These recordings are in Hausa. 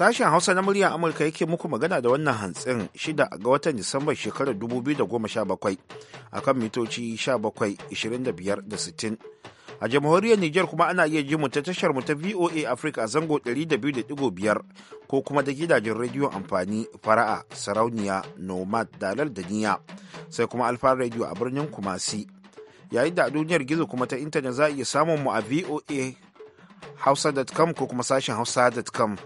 Sashen Hausa na murya Amurka yake muku magana da wannan hantsin shida ga watan Disambar shekarar 2017 akan mitoci 17, da 60. a jamhuriyar Nijar kuma ana iya ji mu ta tashar mu ta VOA Africa a zango 200.5 ko kuma da gidajen rediyo amfani fara'a sarauniya nomad dalar da niya sai kuma alfa radio a birnin kumasi yayin da a duniyar gizo kuma ta intanet za a iya samun mu a voa hausa.com ko kuma sashen hausa.com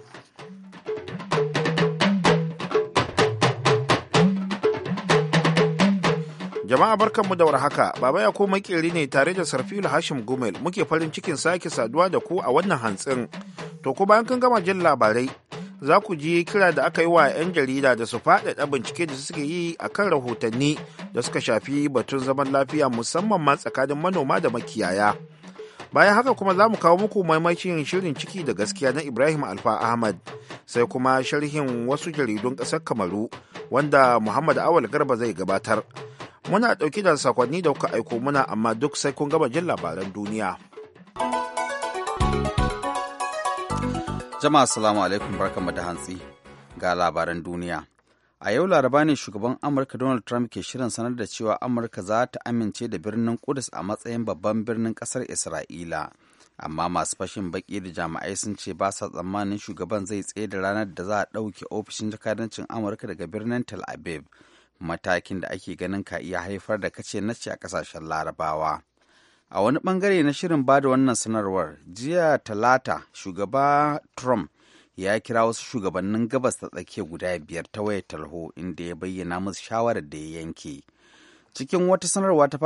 Jama'a barkanmu da warhaka, Baba ya koma makeri ne tare da Sarfilu Hashim Gumel muke farin cikin sake saduwa da ku a wannan hantsin. To ku bayan kun gama jin labarai, za ku ji kira da aka yi wa 'yan jarida da su faɗaɗa bincike da suke yi a kan rahotanni da suka shafi batun zaman lafiya musamman ma tsakanin manoma da makiyaya. Bayan haka kuma za mu kawo muku maimakin shirin ciki da gaskiya na Ibrahim Alfa Ahmad, sai kuma sharhin wasu jaridun ƙasar Kamaru, wanda Muhammad Awal Garba zai gabatar. muna ɗauki da sakonni da kuka aiko muna amma duk sai kun gama jin labaran duniya. Jama'a salamu alaikum barkanmu da hantsi ga labaran duniya. A yau laraba ne shugaban Amurka Donald Trump ke shirin sanar da cewa Amurka za ta amince da birnin Kudus a matsayin babban birnin ƙasar Isra'ila. Amma masu fashin baƙi da jama'ai sun ce ba sa tsammanin shugaban zai tsaye da ranar da za a ɗauke ofishin jakadancin Amurka daga birnin Tel Aviv. matakin da ake ganin ka iya haifar da kace nace a kasashen larabawa a wani bangare na shirin ba da wannan sanarwar jiya talata shugaba trump ya kira wasu shugabannin gabas ta tsakiya guda biyar ta wayar talho, inda ya bayyana musu shawarar da ya yanke cikin wata sanarwa ta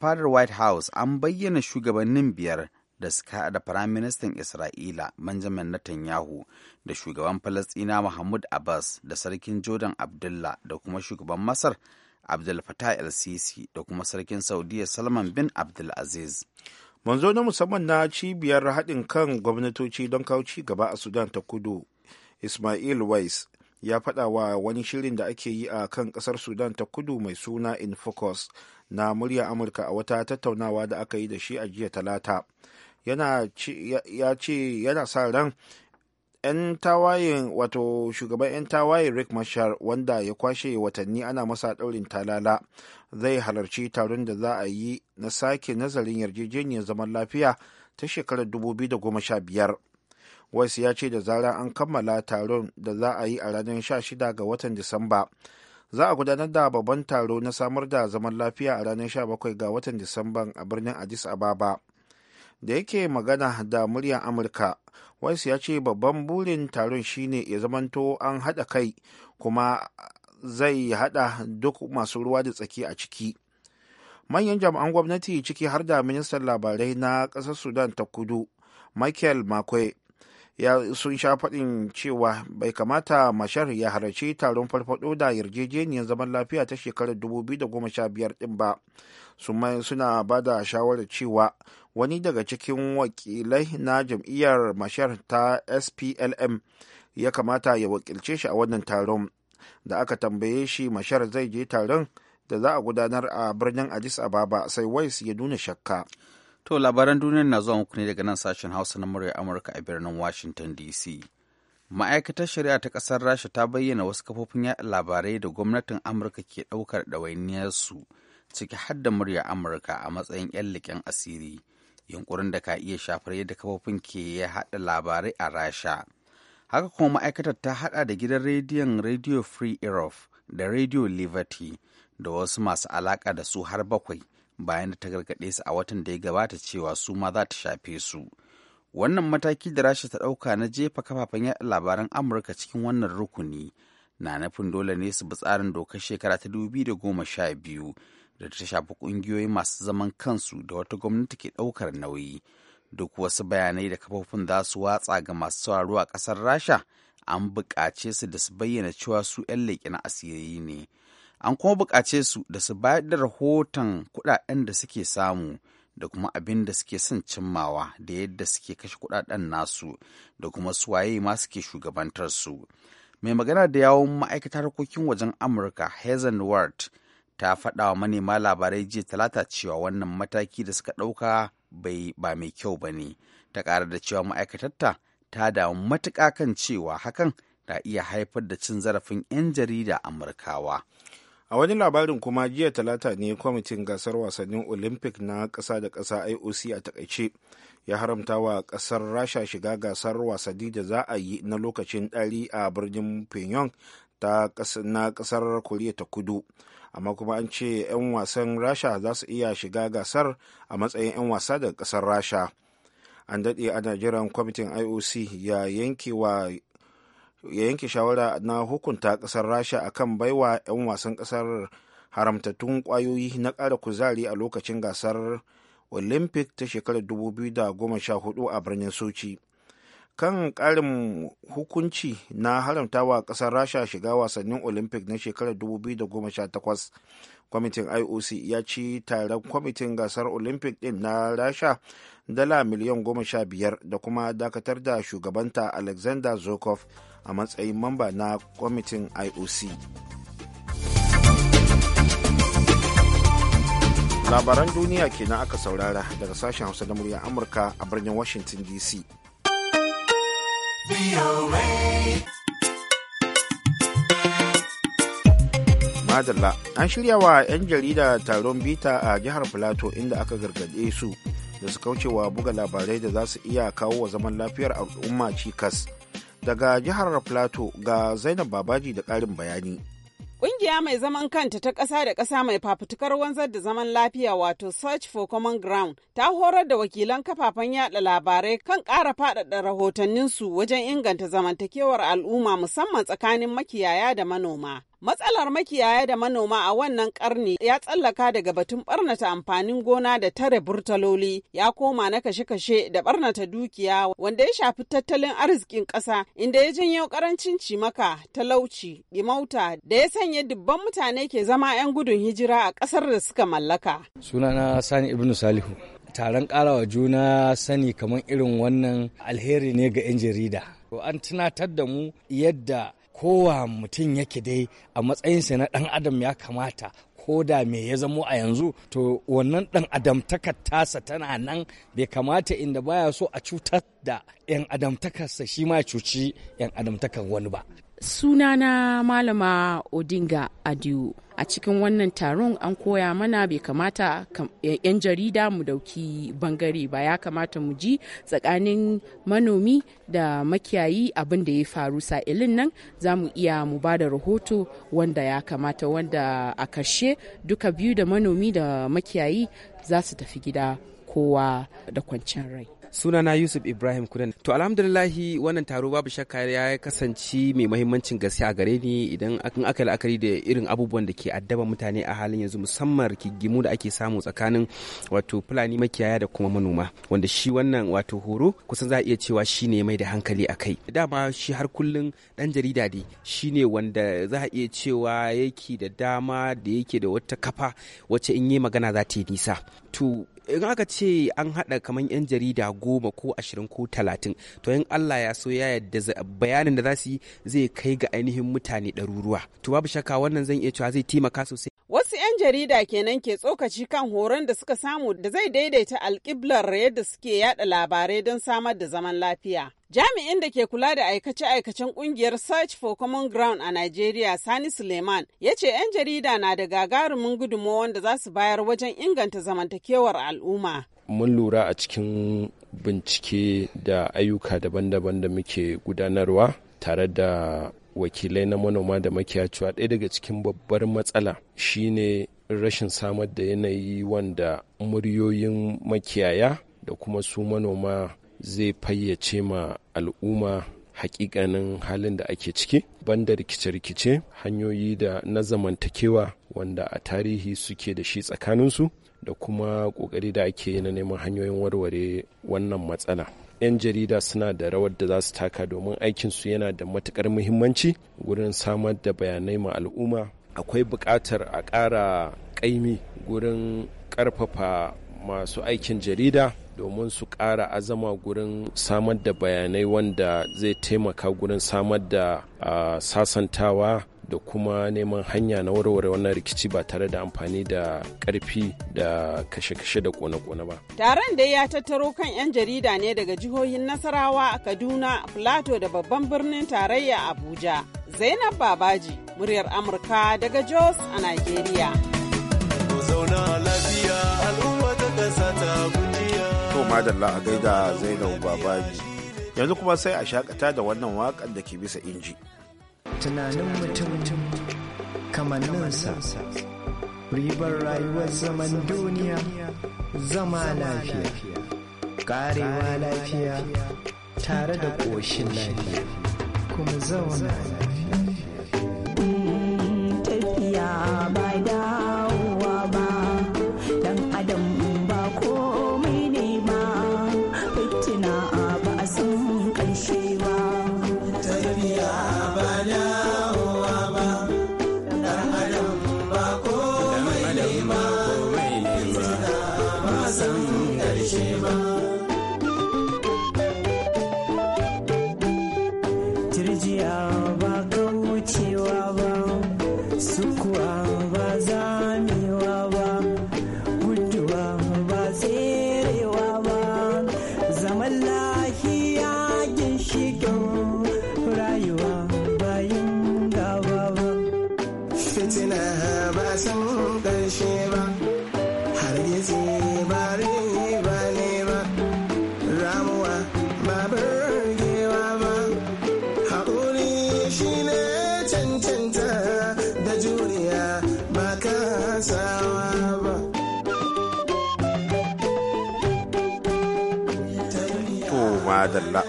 fadar white house an bayyana shugabannin biyar da suka da Firaministan Isra'ila Benjamin Netanyahu da shugaban Falasɗina Mahmud Abbas da sarkin Jordan Abdullah da kuma shugaban Masar Abdul Fattah el-Sisi da kuma sarkin Saudiya Salman bin Abdul Aziz. Manzo na musamman na cibiyar haɗin kan gwamnatoci don kawo ci gaba a Sudan ta kudu Ismail Weiss ya faɗa wa wani shirin da ake yi a kan ƙasar Sudan ta kudu mai suna In na murya Amurka a wata tattaunawa da aka yi da shi a jiya talata. ya ce yana sa ran 'yan tawayen wato shugaban 'yan tawayen rick mashar wanda ya kwashe watanni ana masa ɗaurin talala zai halarci taron da za a yi na sake nazarin yarjejeniyar zaman lafiya ta shekarar 2015 wasu ya ce da zarar an kammala taron da za a yi a ranar 16 ga watan disamba za a gudanar da babban taro na samar da zaman lafiya a ranar 17 ga watan disamban a birnin addis ababa da yake magana da muryar amurka wasu ya ce babban burin taron shine ya zamanto an haɗa kai kuma zai haɗa duk masu ruwa da tsaki a ciki manyan jami'an gwamnati ciki har da ministan labarai na ƙasar sudan ta kudu michael makwe ya sun sha faɗin cewa bai kamata mashar ya halarci taron farfaɗo da yarjejeniyar zaman lafiya ta shekarar 2015 ɗin ba suna ba da shawarar cewa wani daga cikin wakilai na jam'iyyar mashar ta splm ya kamata ya wakilce shi a wannan taron da aka tambaye shi mashar zai je taron da za a gudanar a birnin addis ababa sai wais ya nuna shakka to labaran duniyar na zuwa muku ne daga nan sashen hausa na murya amurka a birnin washington dc ma'aikatar shari'a ta ƙasar rasha ta bayyana wasu kafofin yaɗa labarai da gwamnatin amurka ke ɗaukar ɗawainiyarsu ciki har da murya amurka a matsayin 'yan leƙen asiri yunkurin da ka iya shafar yadda kafofin ke ya haɗa labarai a rasha haka kuma ma'aikatar ta haɗa da gidan rediyon radio free europe da radio liberty da wasu masu alaƙa da su har bakwai bayan da ta gargaɗe su a watan da ya gabata cewa su ma za ta shafe su wannan mataki da rasha ta ɗauka na jefa kafafen yaɗa labaran amurka cikin wannan rukuni na nufin dole ne su bi tsarin dokar shekara ta dubi da goma sha biyu da ta shafi ƙungiyoyi masu zaman kansu da wata gwamnati ke ɗaukar nauyi duk wasu bayanai da kafofin za su watsa ga masu sauraro a ƙasar rasha an buƙace su da su bayyana cewa su 'yan leƙe na asiri ne an kuma buƙace su da su bayar da rahoton kuɗaɗen da suke samu da kuma abin da suke son cimmawa da yadda suke kashe kuɗaɗen nasu da kuma suwaye ma suke shugabantar su mai magana da yawon ma'aikatar harkokin wajen amurka hazen ward ta faɗa wa manema labarai jiya talata cewa wannan mataki da suka ɗauka bai ba mai kyau ba ne ta ƙara da cewa ma'aikatarta ta damu matuƙa kan cewa hakan na iya haifar da cin zarafin 'yan jarida amurkawa a wani labarin kuma jiya talata ne kwamitin gasar wasannin olympic na ƙasa da ƙasa ioc a takaice ya haramta wa ƙasar rasha shiga gasar wasanni da za a yi na lokacin ɗari a birnin pyongyang na kasar koriya ta kudu amma kuma an ce 'yan wasan rasha za su iya shiga gasar a matsayin 'yan wasa daga kasar rasha an daɗe ana jiran kwamitin ioc ya yanke wa ya yanke shawara na hukunta kasar rasha akan baiwa 'yan wasan kasar haramtattun kwayoyi na ƙara kuzari a lokacin gasar olympic ta shekarar 2014 a birnin sochi kan ƙarin hukunci na haramtawa ƙasar rasha shiga wasannin olympic na shekarar 2018 kwamitin ioc ya ci taron kwamitin gasar olympic ɗin na rasha dala miliyan 15 da kuma dakatar da shugabanta alexander zokov a matsayin mamba na kwamitin ioc labaran duniya kenan aka saurara daga sashen hausa na murya amurka a birnin washington dc Madalla an shirya wa 'yan jarida taron bita a jihar Filato inda aka gargaɗe su da su kaucewa buga labarai da za su iya kawo wa zaman lafiyar al'umma cikas. Daga jihar Filato ga Zainab Babaji da ƙarin bayani. Ƙungiya mai zaman kanta ta ƙasa da ƙasa mai fafutukar wanzar da zaman lafiya wato Search for Common Ground ta horar da wakilan kafafen yaɗa labarai kan ƙara faɗaɗa rahotanninsu wajen inganta zamantakewar al'umma musamman tsakanin makiyaya da manoma. Matsalar makiyaya da manoma a wannan karni ya tsallaka daga batun barnata amfanin gona da tare burtaloli ya koma na kashe-kashe da barnata dukiya wanda ya shafi tattalin arzikin ƙasa inda ya janyo karancin cimaka, talauci, imauta da ya sanya dubban mutane ke zama 'yan gudun hijira a ƙasar da suka mallaka. Sunana Sani Ibnu Salihu. Taron ƙarawa juna sani kamar irin wannan alheri ne ga 'yan jarida. An tunatar da mu yadda kowa mutum yake dai a matsayinsa na ɗan adam ya kamata ko da me ya zamo a yanzu to wannan ɗan adamtakar tasa tana nan bai kamata inda baya so a cutar da 'yan adamtakarsa shi ma cuci 'yan adamtakar wani ba sunana malama odinga adiu a cikin wannan taron an koya mana bai kamata eh, 'yan jarida mu dauki bangare ba ya kamata mu ji tsakanin manomi da makiyayi abin da ya faru sa'ilin nan za mu iya mu ba da rahoto wanda ya kamata wanda a karshe duka biyu da manomi da makiyayi za su tafi gida kowa da kwanciyar rai sunana yusuf ibrahim kudan to alhamdulillahi wannan taro babu shakka ya kasance mai mahimmancin gaske a gare ni idan aka yi la'akari da irin abubuwan da ke addaba mutane a halin yanzu musamman rikigimu da ake samu tsakanin wato fulani makiyaya da kuma manoma wanda shi wannan wato horo kusan za a iya cewa shi ne mai da hankali a kai dama shi har kullum dan jarida ne shi ne wanda za a iya cewa yake da dama da yake da wata kafa wacce in yi magana za ta yi nisa to in aka ce an haɗa kamar 'yan jarida goma ko ashirin ko talatin to in allah ya so ya yadda bayanin da za su yi zai kai ga ainihin mutane ɗaruruwa to babu shakka wannan zan iya cewa zai taimaka sosai jarida kenan ke tsokaci kan horon da suka samu da zai daidaita alƙiblar yadda suke yada labarai don samar da zaman lafiya. Jami'in da ke kula da aikace-aikacen kungiyar Search for Common Ground a Nigeria, Sani Suleiman, ya ce 'yan jarida na da gagarumin gudunmawar da za su bayar wajen inganta zamantakewar al'umma. Mun lura a cikin bincike da ayyuka daban-daban da muke gudanarwa tare da wakilai na manoma da makiyacuwa cewa ɗaya daga cikin babbar matsala shine rashin samar da yanayi wanda muryoyin makiyaya da kuma su manoma zai fayyace ma al'umma hakikanin halin da ake ciki banda rikice-rikice hanyoyi da na zamantakewa wanda a tarihi suke da shi tsakaninsu da kuma ƙoƙari da ake yi na neman hanyoyin warware wannan matsala 'yan jarida suna da rawar da za su taka domin aikin su yana da matukar muhimmanci gurin samar da bayanai ma al'umma akwai buƙatar a ƙara ƙaimi gurin ƙarfafa masu aikin jarida domin su ƙara azama gurin samar da bayanai wanda zai taimaka gurin samar da ah, sasantawa da kuma neman hanya na warware wannan rikici ba tare da amfani da karfi da kashe-kashe da kone-kone ba. Taron dai ya tattaro kan 'yan jarida ne daga jihohin Nasarawa, Kaduna, Plateau da babban birnin tarayya Abuja. Zainab Babaji, muryar Amurka daga Jos a nigeria. Yanzu kuma sai a shakata da wannan waƙar da ke bisa inji. tunanin mutum kamanninsa ribar rayuwar zaman duniya zama lafiya karewa lafiya tare da ƙoshin lafiya kuma zauna lafiya tafiya ba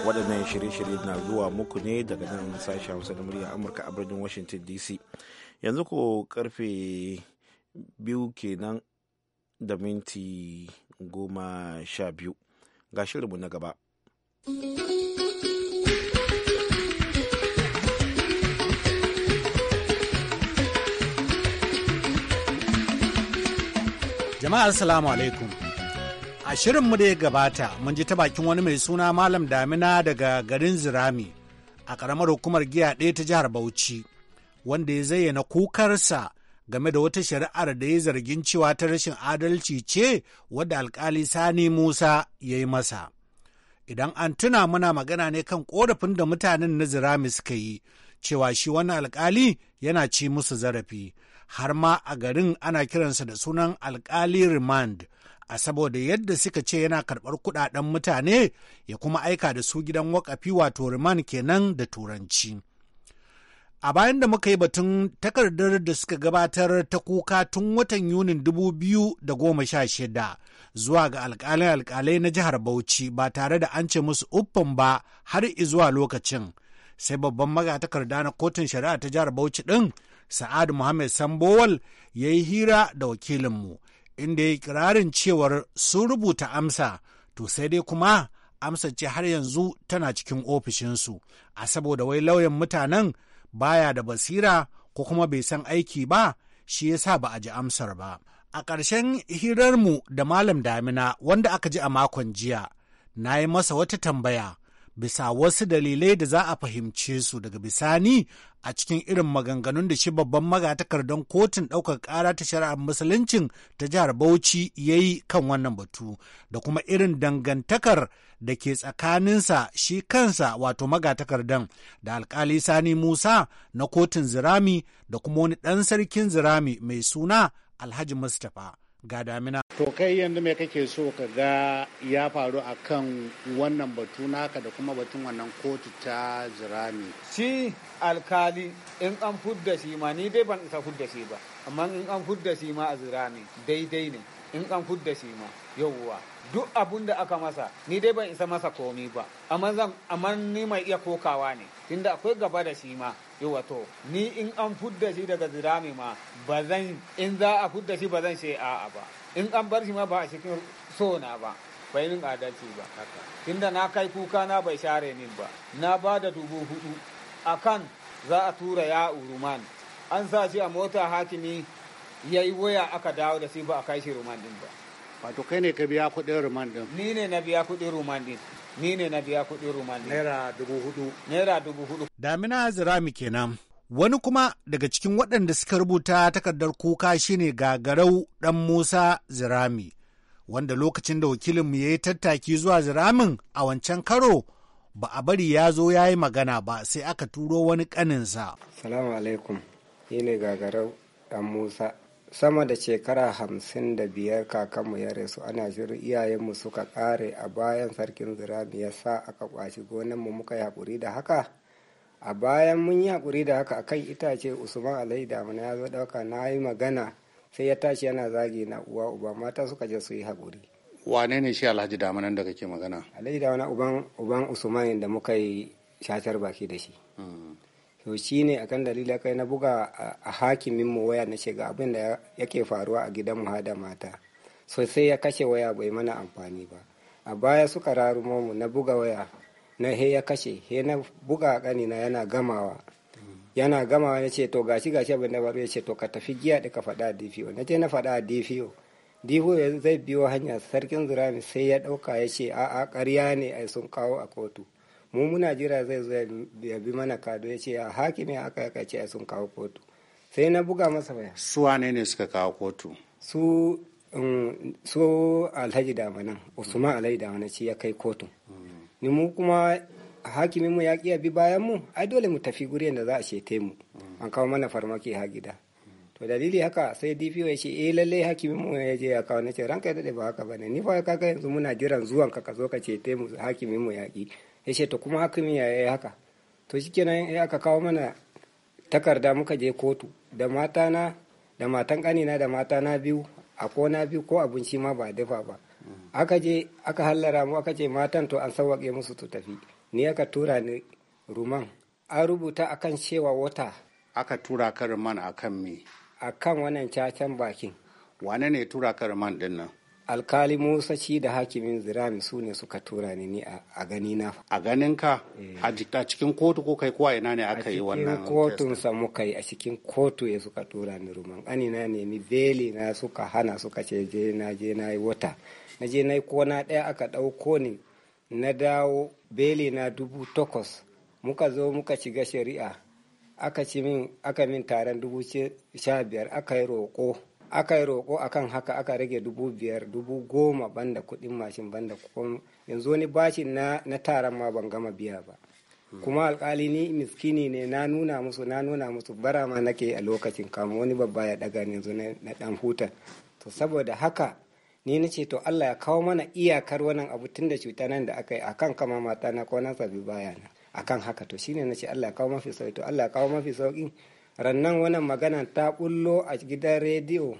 waɗannan shirye-shirye na zuwa muku ne daga nan sashen hausa da murya amurka a birnin washington dc yanzu ko karfe biyu kenan da minti goma sha biyu ga shirinmu na gaba jama'a assalamu alaikum A shirinmu da ya gabata mun ji ta bakin wani mai suna Malam Damina daga garin Zirami a ƙaramar hukumar giya ɗaya ta jihar Bauchi wanda ya zayyana kukarsa game da wata shari'ar da ya zargin cewa ta rashin adalci ce wadda alkali Sani Musa ya yi masa. Idan an tuna muna magana ne kan korafin da mutanen na Zirami suka yi cewa shi wani alkali yana ci musu zarafi har ma a garin ana kiransa da sunan alkali remand a saboda yadda suka ce yana karɓar kuɗaɗen mutane ya kuma aika da su gidan wakafi wato riman kenan da turanci. A bayan da muka yi batun takardar da suka gabatar ta kuka tun watan Yunin 2016 zuwa ga alkalin alkalai na jihar Bauchi ba tare da an ce musu uffan ba har zuwa lokacin. Sai babban magatakarda na kotun shari'a ta jihar Bauchi ɗin, Sa'ad Muhammad Sambowal ya yi hira da wakilinmu. inda ya yi kirarin cewar sun rubuta amsa to sai dai kuma amsa ce har yanzu tana cikin ofishinsu a saboda wai lauyan mutanen baya da basira ko kuma bai san aiki ba shi ya sa ba a ji amsar ba a ƙarshen hirarmu da malam damina wanda aka ji a makon jiya na yi masa wata tambaya bisa wasu dalilai da za a fahimce su daga bisani a cikin irin maganganun da shi babban magatakardan kotun ɗaukar ƙara ta shari'ar musuluncin ta jihar Bauchi ya yi kan wannan batu da kuma irin dangantakar da ke tsakaninsa shi kansa wato magatakardan da alkali Sani Musa na kotun Zirami da kuma wani ɗan sarkin Zirami mai suna Alhaji Mustapha. ga damina. To kai yanzu mai kake so ka ga ya faru a kan wannan batu naka da kuma batun wannan kotu ta zirami. Shi alkali in an fudda shi ma ni dai ban isa fudda shi ba amma in an fudda shi ma a zirami daidai ne in an fudda shi ma yauwa duk abun da aka masa ni dai ban isa masa komi ba amma ni mai iya kokawa ne tunda akwai gaba da shi ma yi wato ni in an fudda shi daga zirami ma ba zan in za a fudda shi ba zan shi a'a ba in an bar shi ma ba a cikin sona ba bai adalci ba tunda na kai kuka na bai share min ba na ba da dubu hudu kan. za a tura ya uruman an sa shi a mota hakimi ya yi waya aka dawo da shi ba a kai shi ruman din ba wato kai ne ka biya kuɗin ruman din ni ne na biya kuɗin ruman din ni ne na biya kuɗin rumani naira dubu hudu naira dubu hudu damina zirami kenan wani kuma daga cikin waɗanda suka rubuta takardar kuka shine gagarau ɗan musa zirami wanda lokacin da wakilinmu ya yi tattaki zuwa ziramin a wancan karo ba a bari ya zo ya yi magana ba sai aka turo wani ƙaninsa. salamu alaikum ne gagarau ɗan musa sama da shekara hamsin da biyar kakanmu ya rasu ana shirin iyayenmu suka kare a bayan sarkin zirabi ya sa aka kwaci gonanmu muka yi haƙuri da haka a bayan mun yi haƙuri da haka akan itace usman alai damuna ya zo ɗauka na yi magana sai ya tashi yana zagi na uwa uba mata suka je su yi haƙuri wane ne shi alhaji damunan da kake magana alai damuna uban usman da muka yi shatar baki da shi hmm. to ne akan dalili kai na buga a hakimin mu waya na shiga abin da yake faruwa a gidan mu hada mata sosai ya kashe waya bai mana amfani ba a baya suka rarumo mu na buga waya na he ya kashe he na buga kanina yana gamawa yana gamawa ya ce to gashi gashi abin da ce to ka tafi giya da ka faɗa DPO na ce na faɗa DPO DPO zai biyo hanya sarkin zurami sai ya ɗauka ya ce a'a ƙarya ne ai sun kawo a kotu mu muna jira zai zo ya bi mana kado ya ce a hakimi aka yaka ce sun kawo kotu sai na buga masa baya su wane ne suka kawo kotu su um, alhaji damana usman alhaji damana shi ya kai kotu ni mu kuma hakimin mu ya ki bi bayan mu ai dole mu tafi guri da za a shete mu an kawo mana farmaki ha gida to dalili haka sai DPO ya ce eh lalle hakimin mu ya je ya kawo nace ranka ya dade ba haka bane ni fa kaga yanzu muna jiran zuwan ka ka zo ka cete mu hakimin mu ya ki ya ce to kuma hakimi ya yi haka to kenan ya aka kawo mana takarda muka je kotu da matana da matan kanina da matana biyu a kona biyu ko abinci ma ba dafa ba aka je aka hallara mu aka ce matan to an sawwake musu to tafi ni aka tura ni ruman an rubuta akan cewa wata aka tura ka ruman akan me akan wannan cacan bakin wane ne tura ka ruman din alkali musa ci da hakimin zirami su ne suka tura ni ni a gani na a ganin ka eh. a cikin kotu ko kai kuwa ina ne aka yi wannan kotun sa muka yi a cikin kotu ya suka tura ni ruman ani na nemi beli na suka hana suka ce je na je na yi wata na je na yi kona ɗaya aka ɗauko ni na dawo beli na dubu takwas muka zo muka shiga shari'a aka ci min aka min taron dubu sha biyar aka yi roƙo aka yi roƙo akan haka aka rage dubu biyar dubu goma banda kuɗin mashin banda kuma yanzu wani bashi na, na taron ma ban gama biya ba hmm. kuma alƙali ni miskini ne na nuna musu na nuna musu bara ma nake a lokacin kama wani babba ya daga ne yanzu na ɗan huta to saboda haka ni na ce to Allah ya kawo mana iyakar wannan abu tun da cuta nan da aka yi akan kama mata na ko na sabi baya na akan haka to shine na ce Allah ya kawo mafi sauki to Allah ya kawo mafi sauki rannan wannan magana ta bullo a gidan rediyo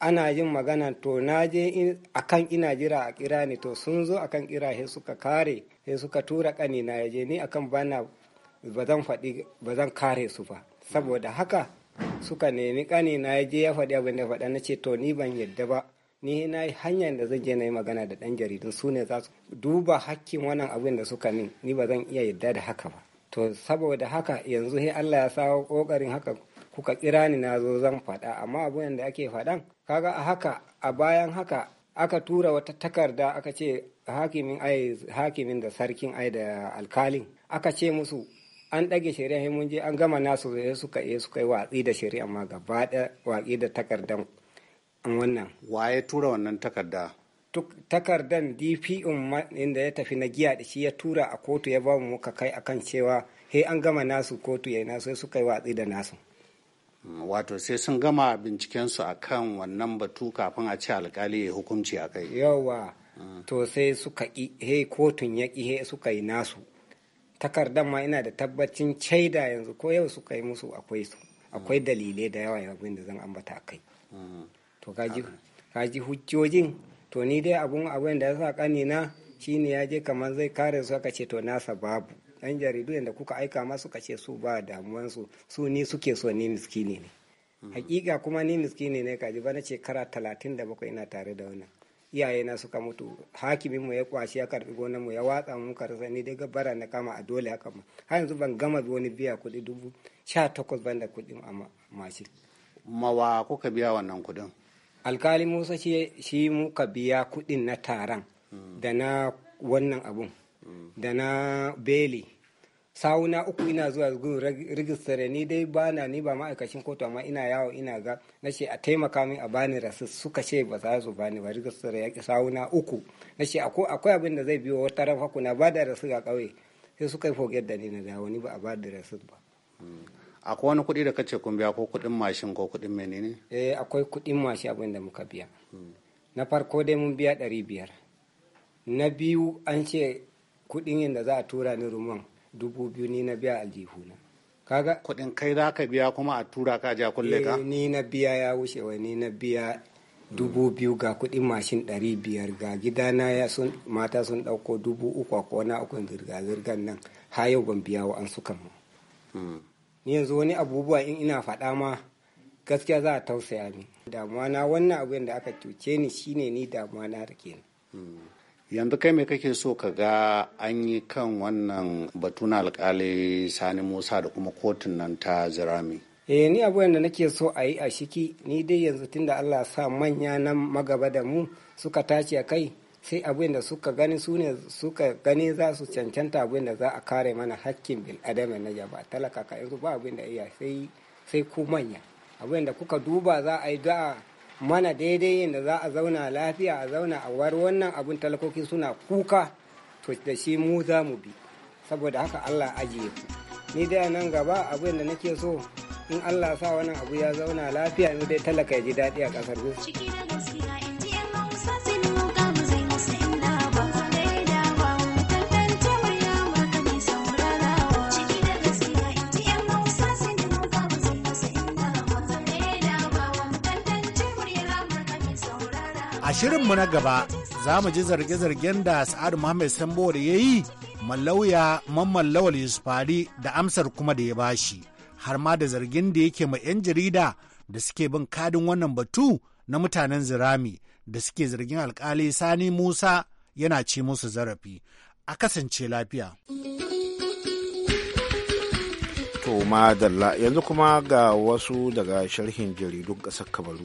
ana yin magana to na je a kan ina jira a kira ne to sun zo akan kira he suka kare he suka tura kani na je ni a kan bana ba zan kare su ba saboda haka suka nemi kani na je ya faɗi abin da faɗa na ce to ni ban yadda ba ni na yi hanyar da zan je na yi magana da ɗan jaridun su ne za su duba hakkin wannan abin da suka min ni ba zan iya yadda da haka ba to saboda haka yanzu sai Allah ya sawo kokarin haka kuka kira ni na zo zan faɗa amma abu da ake faɗan kaga a haka a bayan haka aka tura wata takarda aka ce hakimin ai hakimin da sarkin ai da alkalin aka ce musu an ɗage shari'a mun je an gama nasu sai suka yi suka yi watsi da shari'a amma gaba da watsi da takardan wannan waye tura wannan takarda takardan dpn da ya tafi na giya da shi ya tura a kotu ya ba mu muka kai akan cewa he an gama nasu kotu ya nasu suka yi watsi da nasu mm, wato sai sun gama bincikensu a kan wannan batu kafin a ci alkali ya hukunci a kai yawa mm. to sai suka he kotun ya ƙi he suka yi nasu takardan ma ina da tabbacin shaida yanzu ko yau suka yi musu akwai su akwai mm. dalilai da yawa yanzu da zan ambata a kai to kaji hujjojin to ni dai abun abin da ya sa kanina shine ya je kamar zai kare su aka ce to nasa babu yan jaridu yadda kuka aika masu ka ce su ba damuwansu su ni suke so ni miskini ne hmm. hakika kuma ni miskini ne kaji bana shekara talatin da bakwai ina tare da wannan iyayena suka mutu hakimin mu ya kwashi ya karbi gonar mu ya watsa mu rasa ni daga bara na kama a dole haka ma har yanzu ban gama wani biya kuɗi dubu sha takwas ban da kuɗin a mashin. mawa kuka biya wannan kuɗin alkali musa shi muka biya kudin na taron da na wannan abun da na beli sawuna uku ina zuwa gun rigistare ni dai ba na ni ba ma'aikacin kotu amma ina yawo ina ga na ce a taimaka min a bani rasu suka ce ba za su bani ba rigistare ya ki sawuna uku na ce akwai abin da zai biyo wata rafa kuna ba da rasu ga kauye sai suka yi foget da ni na dawo ni ba a ba da rasu ba akwai wani kuɗi da kace kun biya ko kuɗin mashin ko kuɗin menene eh akwai kuɗin mashin abin da muka biya na farko dai mun biya ɗari biyar na biyu an ce kuɗin yadda za a tura ni rumon dubu biyu ni na biya aljihuna kaga kuɗin kai za ka biya kuma a tura ka ja kulle ka eh, ni na biya ya wuce wai ni na biya dubu biyu ga kuɗin mashin ɗari biyar ga gidana ya sun mata sun ɗauko dubu uku a kona ukun zirga-zirgan nan ha yau ban biya wa an suka mu hmm. ni yanzu wani abubuwa in ina faɗa ma gaskiya za a tausaya ni damuwa na wannan abu da aka cuce ni shine ni damuwa na da kenan hmm. yanzu kai mai kake so ka ga an yi kan wannan batu na alkali sani musa da kuma kotun nan ta zirami eh ni abu da nake so a yi a shiki ni dai yanzu tunda allah sa manya nan magaba da mu suka tashi a kai sai abin da suka gani su ne suka gani za su cancanta abin da za a kare mana hakkin bil bil'adama na jaba talaka ka yanzu ba abin da iya sai sai ku manya abin da kuka duba za a yi da mana daidai yin da za a zauna lafiya a zauna a war wannan abin talakoki suna kuka to da shi mu za mu bi saboda haka Allah ajiye ku ni da nan gaba abin da nake so in Allah sa wannan abu ya zauna lafiya mu dai talaka ya ji daɗi a kasar gaskiya shirin mu na gaba za mu ji zarge-zargen da sa'adu Muhammad Sambo da ya yi mallauya mamman Lawal Yusufari da amsar kuma da ya bashi, har ma da zargin da yake ma 'yan jarida da suke bin kadin wannan batu na mutanen zirami da suke zargin alkali Sani Musa yana ci musu zarafi. A kasance lafiya. To yanzu kuma ga wasu daga sharhin jaridun ƙasar kabaru.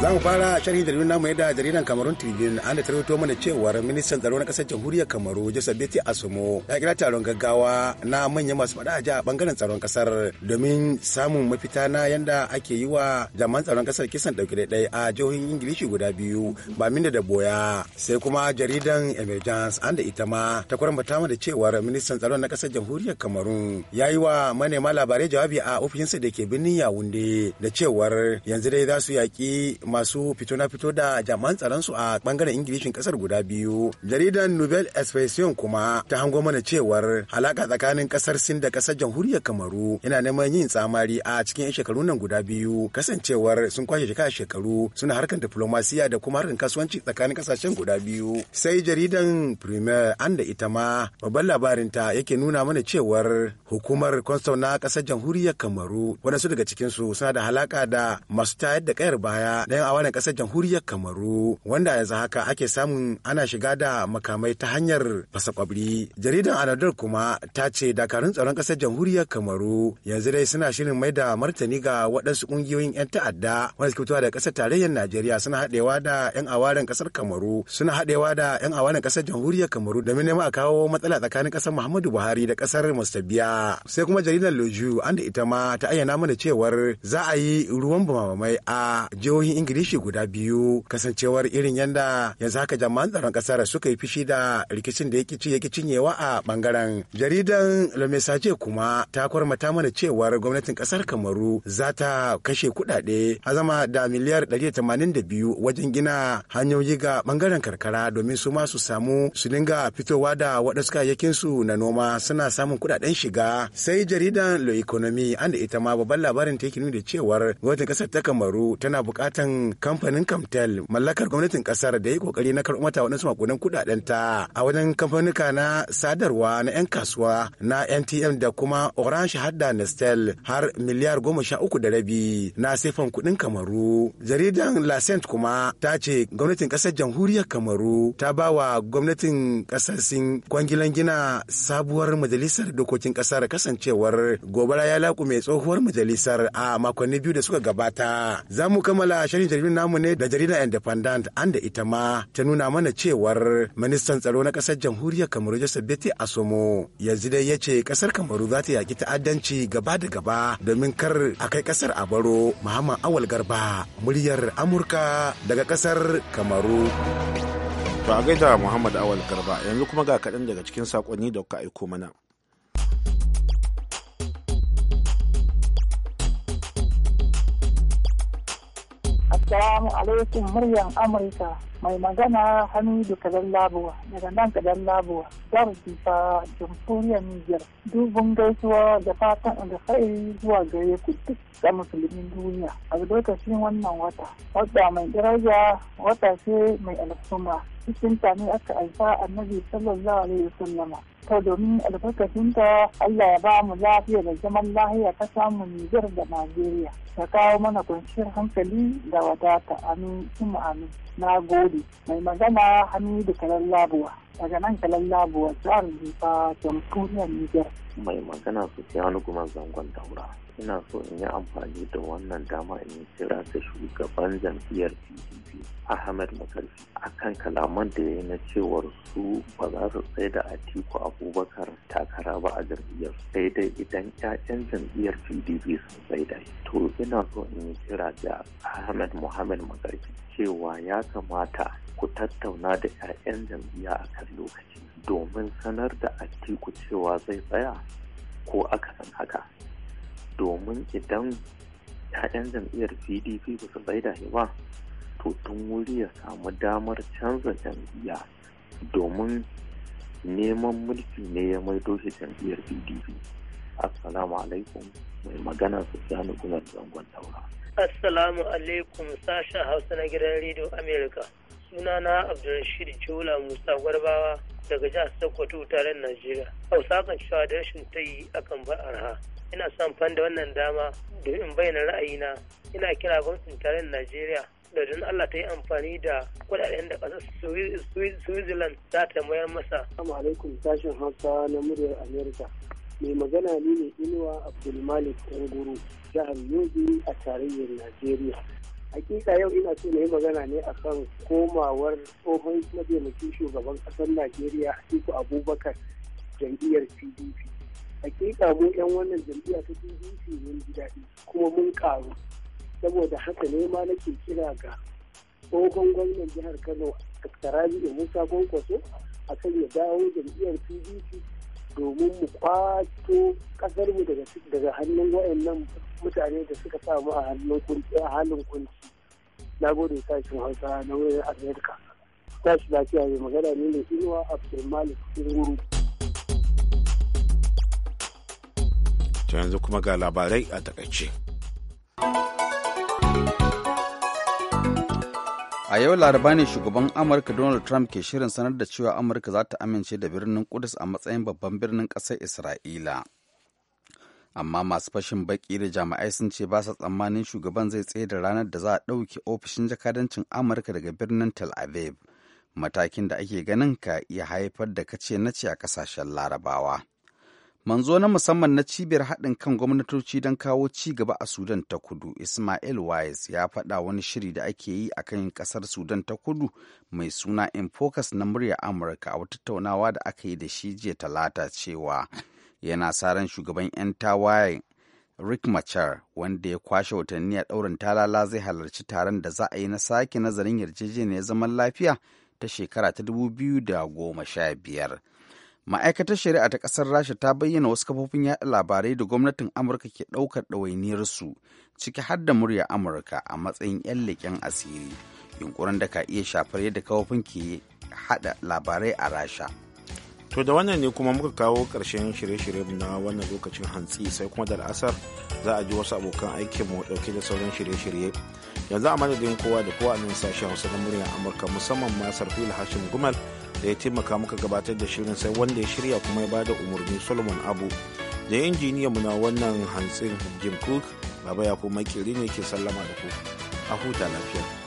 za mu fara da nuna mai da jaridan kamarun tribune an da tarwato mana cewar ministan tsaro na kasar jamhuriyar kamaru joseph beti asomo ya kira taron gaggawa na manyan masu fada a bangaren tsaron kasar domin samun mafita na yanda ake yi wa jaman tsaron kasar kisan dauki dai a jihohin ingilishi guda biyu ba minda da boya sai kuma jaridan emergence an da ita ma ta kwarambata da cewar ministan tsaron na kasar jamhuriyar kamarun ya yi wa manema labarai jawabi a ofishinsa da ke birnin yawunde da cewar yanzu dai za su yaƙi masu fito na fito da jaman tsaron su a bangaren ingilishin kasar guda biyu jaridar nouvelle expression kuma ta hango mana cewar alaka tsakanin kasar sin da kasar jamhuriyar kamaru yana neman yin tsamari a cikin yan shekaru nan guda biyu kasancewar sun kwashe shekara shekaru suna harkar diplomasiya da kuma harkar kasuwanci tsakanin kasashen guda biyu sai jaridan premier an da ita ma babban labarinta yake nuna mana cewar hukumar consul na kasar jamhuriyar kamaru wadansu daga cikinsu suna da halaka da masu tayar da kayar baya na kenan a wannan kasar jamhuriyar kamaru wanda yanzu haka ake samun ana shiga da makamai ta hanyar fasa kwabri jaridan anadar kuma ta ce dakarun tsaron kasar jamhuriyar kamaru yanzu dai suna shirin mai da martani ga waɗansu ƙungiyoyin 'yan ta'adda wanda suke fitowa da kasar tarayyar najeriya suna haɗewa da 'yan awaren kasar kamaru suna haɗewa da 'yan awaren kasar jamhuriyar kamaru domin neman a kawo matsala tsakanin ƙasar muhammadu buhari da kasar biya sai kuma jaridar loju an da ita ma ta ayyana mana cewar za a yi ruwan bamamai a jihohin ingilishi guda biyu kasancewar irin yadda yanzu haka jama'an tsaron kasar suka yi fishi da rikicin da yake cinyewa a bangaren jaridan lomesaje kuma ta kwarmata mana cewar gwamnatin kasar kamaru za ta kashe kudade a zama da miliyar 182 wajen gina hanyoyi ga bangaren karkara domin su ma su samu su dinga fitowa da waɗansu kayayyakin su na noma suna samun kudaden shiga sai jaridan lo economy an da ita ma babban labarin ta yake nuni da cewar gwamnatin kasar ta kamaru tana bukatan kamfanin Kamtel mallakar gwamnatin kasar da yi kokari na karɓar mata waɗansu makonin kuɗaɗen ta a wajen kamfanuka na sadarwa na 'yan kasuwa na NTM da kuma Orange hadda Nestel har miliyar goma sha uku da rabi na sefan kuɗin Kamaru. Jaridan Lasent kuma ta ce gwamnatin kasar jamhuriyar Kamaru ta ba wa gwamnatin ƙasasin Sin kwangilan gina sabuwar majalisar dokokin ƙasar kasancewar gobara ya laƙume tsohuwar majalisar a makonni biyu da suka gabata. Za mu kammala shirin jaridar namu ne da jaridar Independent an da ita ma ta nuna mana cewar ministan tsaro na kasar jamhuriyar Kamaru Joseph Beti Asomo yanzu dai ya ce kasar Kamaru za ta yaki ta'addanci gaba da gaba domin kar a kai kasar a baro Muhammad Awal Garba muryar Amurka daga kasar Kamaru. To a gaida Muhammad Awal Garba yanzu kuma ga kaɗan daga cikin saƙonni da kuka aiko mana. Assalamu alaikum muryan Amurka mai magana Hamidu Kadan Labuwa daga nan Kadan Labuwa jihar Jifa jamhuriyar Niger dubun gaisuwa da fatan alkhairi zuwa gare ku duk ga musulmin duniya a lokacin wannan wata wata mai daraja wata ce mai alfuma cikin ta ne aka aifa annabi sallallahu alaihi wasallama to domin albarkacin ta Allah ya ba mu lafiya da zaman lahiya ta samu Nijar da Najeriya ta kawo mana kwanciyar hankali da wadata amin kuma amin na gode mai magana hannu da kalan labuwa daga nan kalan labuwa jihar jifa jamhuriyar niger mai magana su siyanu kuma zangon daura ina so in yi amfani da wannan dama in yi kira da shugaban jam'iyyar pdp ahmed makarfi kan kalaman da ya yi na cewar su ba za su tsaye da atiku abubakar takara ba a jam'iyyar sai dai idan 'ya'yan jam'iyyar pdp sun tsaye da shi to ina so in yi kira da ahmed muhammad magarki cewa ya kamata ku tattauna da 'ya'yan jam'iyya a kan lokaci domin sanar da atiku cewa zai tsaya ko aka san haka domin idan 'ya'yan jam'iyyar pdp ba su tsaye da ba to tun wuri ya samu damar canza jam'iyya domin neman mulki ne ya maido shi jam'iyyar pdp Assalamu alaikum mai magana Sani Umar Zangon Taura. Assalamu alaikum sashen Hausa na gidan Radio America. Sunana Abdulrashid Jola Musa Gwarbawa daga jihar Sokoto tare Najeriya. Hausa kan cewa da rashin tayi akan bar arha. Ina son fan da wannan dama domin in bayyana ra'ayina. Ina kira gwamnatin taron Najeriya da don Allah ta yi amfani da kudaden da ƙasar Switzerland za ta mayar masa. Assalamu alaikum sashen Hausa na muryar Amerika. mai magana ne mai inuwa abdulmalik Unguru, jihar yobe a tarayyar najeriya hakika yau ina so na yi magana ne a kan komawar tsohon mataimakin shugaban ƙasar najeriya atiku abubakar jam'iyyar pdp hakika mu yan wannan jam'iyya ta pdp mun ji daɗi kuma mun karu saboda haka ne ma nake kira ga tsohon gwamnan jihar kano dr rabi'u musa kwankwaso kan ya dawo jam'iyyar pdp domin mu kwato ƙasarmu daga hannun waɗannan mutane da suka samu a halin kunci na gode sashen hausa na wurin amerika tashi lafiya mai magana ne da inuwa sun iruru to yanzu kuma ga labarai a takaice A yau laraba ne shugaban Amurka Donald Trump ke shirin sanar da cewa Amurka za ta amince da birnin Kudus a matsayin babban birnin ƙasar Isra'ila. Amma masu fashin baƙi da jami'ai sun ce ba sa tsammanin shugaban zai tsaye da ranar da za a ɗauke ofishin jakadancin Amurka daga birnin Tel Aviv. Matakin da ake ganin ka iya haifar da kace nace a ƙasashen larabawa. manzo na musamman na cibiyar haɗin kan gwamnatoci don kawo ci gaba a sudan ta kudu ismail wise ya faɗa wani shiri da ake yi a kan ƙasar sudan ta kudu mai suna in focus na murya amurka a wata tattaunawa da aka yi da shi jiya talata cewa yana sa ran shugaban 'yan tawaye rick machar wanda ya kwashe watanni a ɗaurin talala zai halarci taron da za a yi na sake nazarin yarjejeniyar zaman lafiya ta shekara ta dubu biyu da goma sha biyar. ma'aikatar shari'a ta ƙasar rasha ta bayyana wasu kafofin yaɗa labarai da gwamnatin amurka ke ɗaukar ɗawainiyarsu ciki har da murya amurka a matsayin 'yan leƙen asiri yunkurin da ka iya shafar yadda kafofin ke haɗa labarai a rasha to da wannan ne kuma muka kawo ƙarshen shirye-shirye na wannan lokacin hantsi sai kuma da la'asar za a ji wasu abokan aikin mu ɗauke da sauran shirye-shirye yanzu a madadin kowa da kowa a nan sashen hausa na muryar amurka musamman ma sarfil hashim gumal da ya taimaka muka gabatar da shirin sai wanda ya shirya kuma ya ba da umarni solomon abu da injiniyan mu na wannan hantsin jim cook baba ya kuma makiri ne ke sallama da ku a huta lafiya